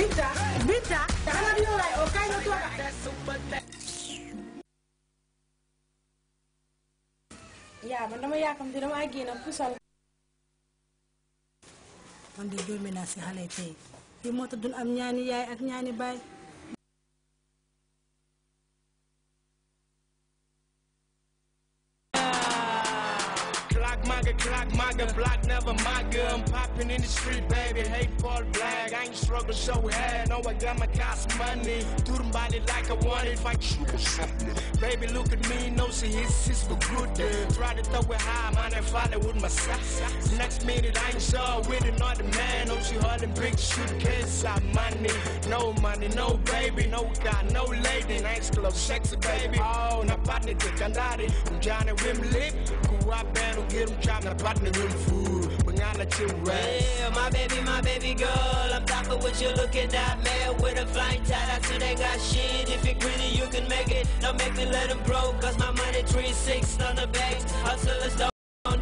Binta Binta taxawal yoo laay yaa man dama yaakamti dama génn pusal man de joomi naa si tey lii moo tax dun am ñaani yaay ak ñaani baay for my girl, I'm popping in the street, baby. Hate Hateful black, I ain't struggle so hard. No, I got my cost money. Do them body like I want it, like you or something. Baby, look at me, no, see his is for good. Day. Try to throw it high, man, I follow with my socks. Next minute, I ain't sure with another man. No, oh, she holding big suitcase, I money. No money, no baby, no guy, no lady. Nice club, sexy baby. Oh, na partner, dick, I'm Johnny Wim Lip. Who I battle, get him chopped, na partner, Wim Food. Yeah, my baby, my baby girl, I'm talking what you, looking at that man with a flying tie, I still they got shit. If you're greedy, you can make it, Don't make me let them bro, cause my money 3-6 on the bank, hustlers don't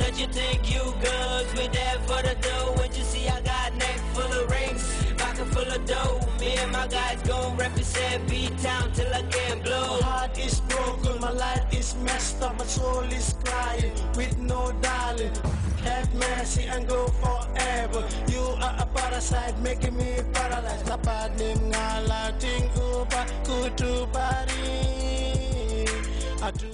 let you think you good. We there for the dough. When you see I got neck full of rings, pocket full of dough. Me and my guys gon' represent B-Town till I can blow. Hard heart is my life is messed up, my soul is crying with no darling. Have mercy and go forever. You are a parasite making me paralyzed. Dapat nim ngalating upa kutubari. Atu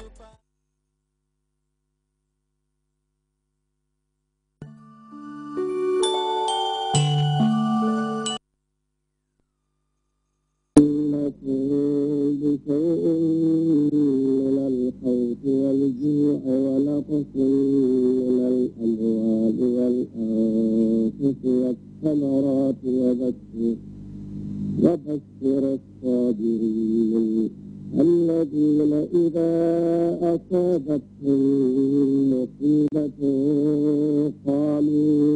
الأنفس والثمرات وبشر وبشر الصابرين الذين إذا أصابتهم مصيبة قالوا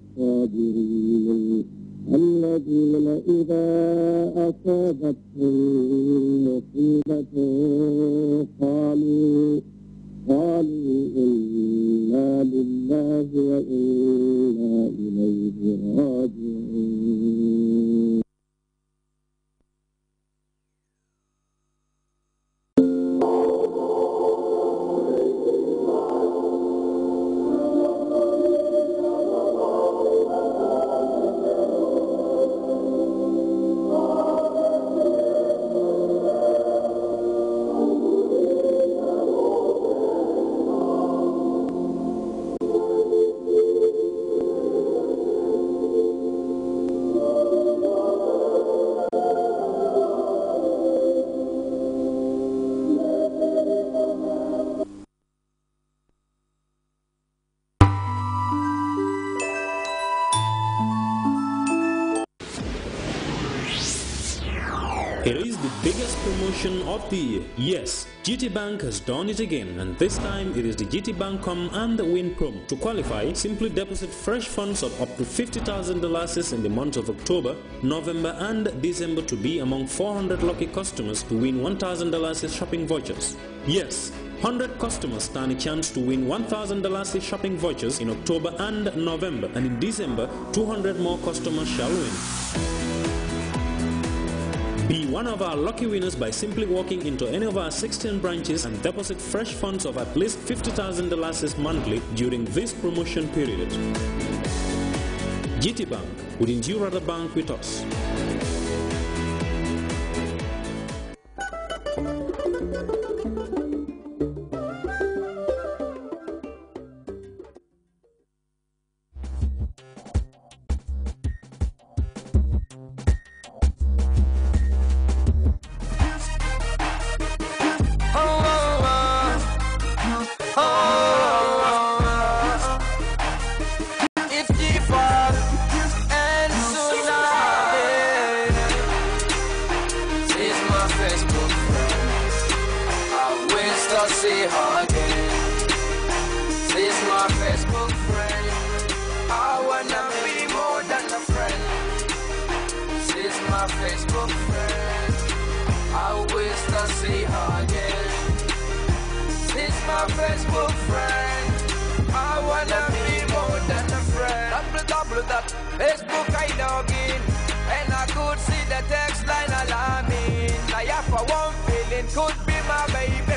قالوا قالوا إنا لله وإنا إليه راجعون It is the biggest promotion of the year. Yes, GT Bank has done it again and this time it is the GT Bank Come and the Win promo. To qualify, simply deposit fresh funds of up to $50,000 in the months of October, November and December to be among 400 lucky customers to win $1,000 shopping vouchers. Yes, 100 customers stand a chance to win $1,000 shopping vouchers in October and November and in December 200 more customers shall win. Be one of our lucky winners by simply walking into any of our 16 branches and deposit fresh funds of at least $50,000 monthly during this promotion period. GT Bank, wouldn't you rather bank with us? see her again. She's my Facebook friend. I wanna be more than a friend. She's my Facebook friend. I wish to see her again. She's my Facebook friend. I wanna be more than a friend. Double double that Facebook I log in. And I could see the text line alarming. I have a one feeling could be my baby.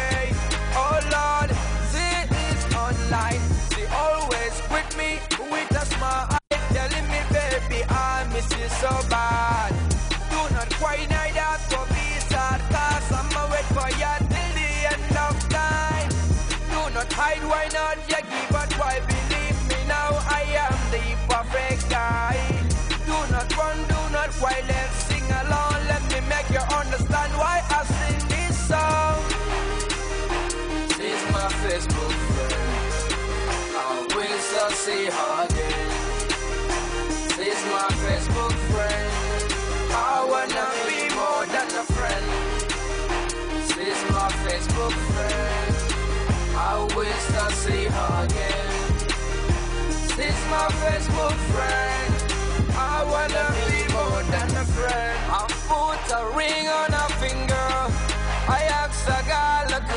Facebook friend. I wish see her again. She's my Facebook friend. I wanna be more than a friend. She's my Facebook friend. I wish I see her again. She's my Facebook friend. I wanna be more than a friend. I put a ring on her finger. I asked a girl.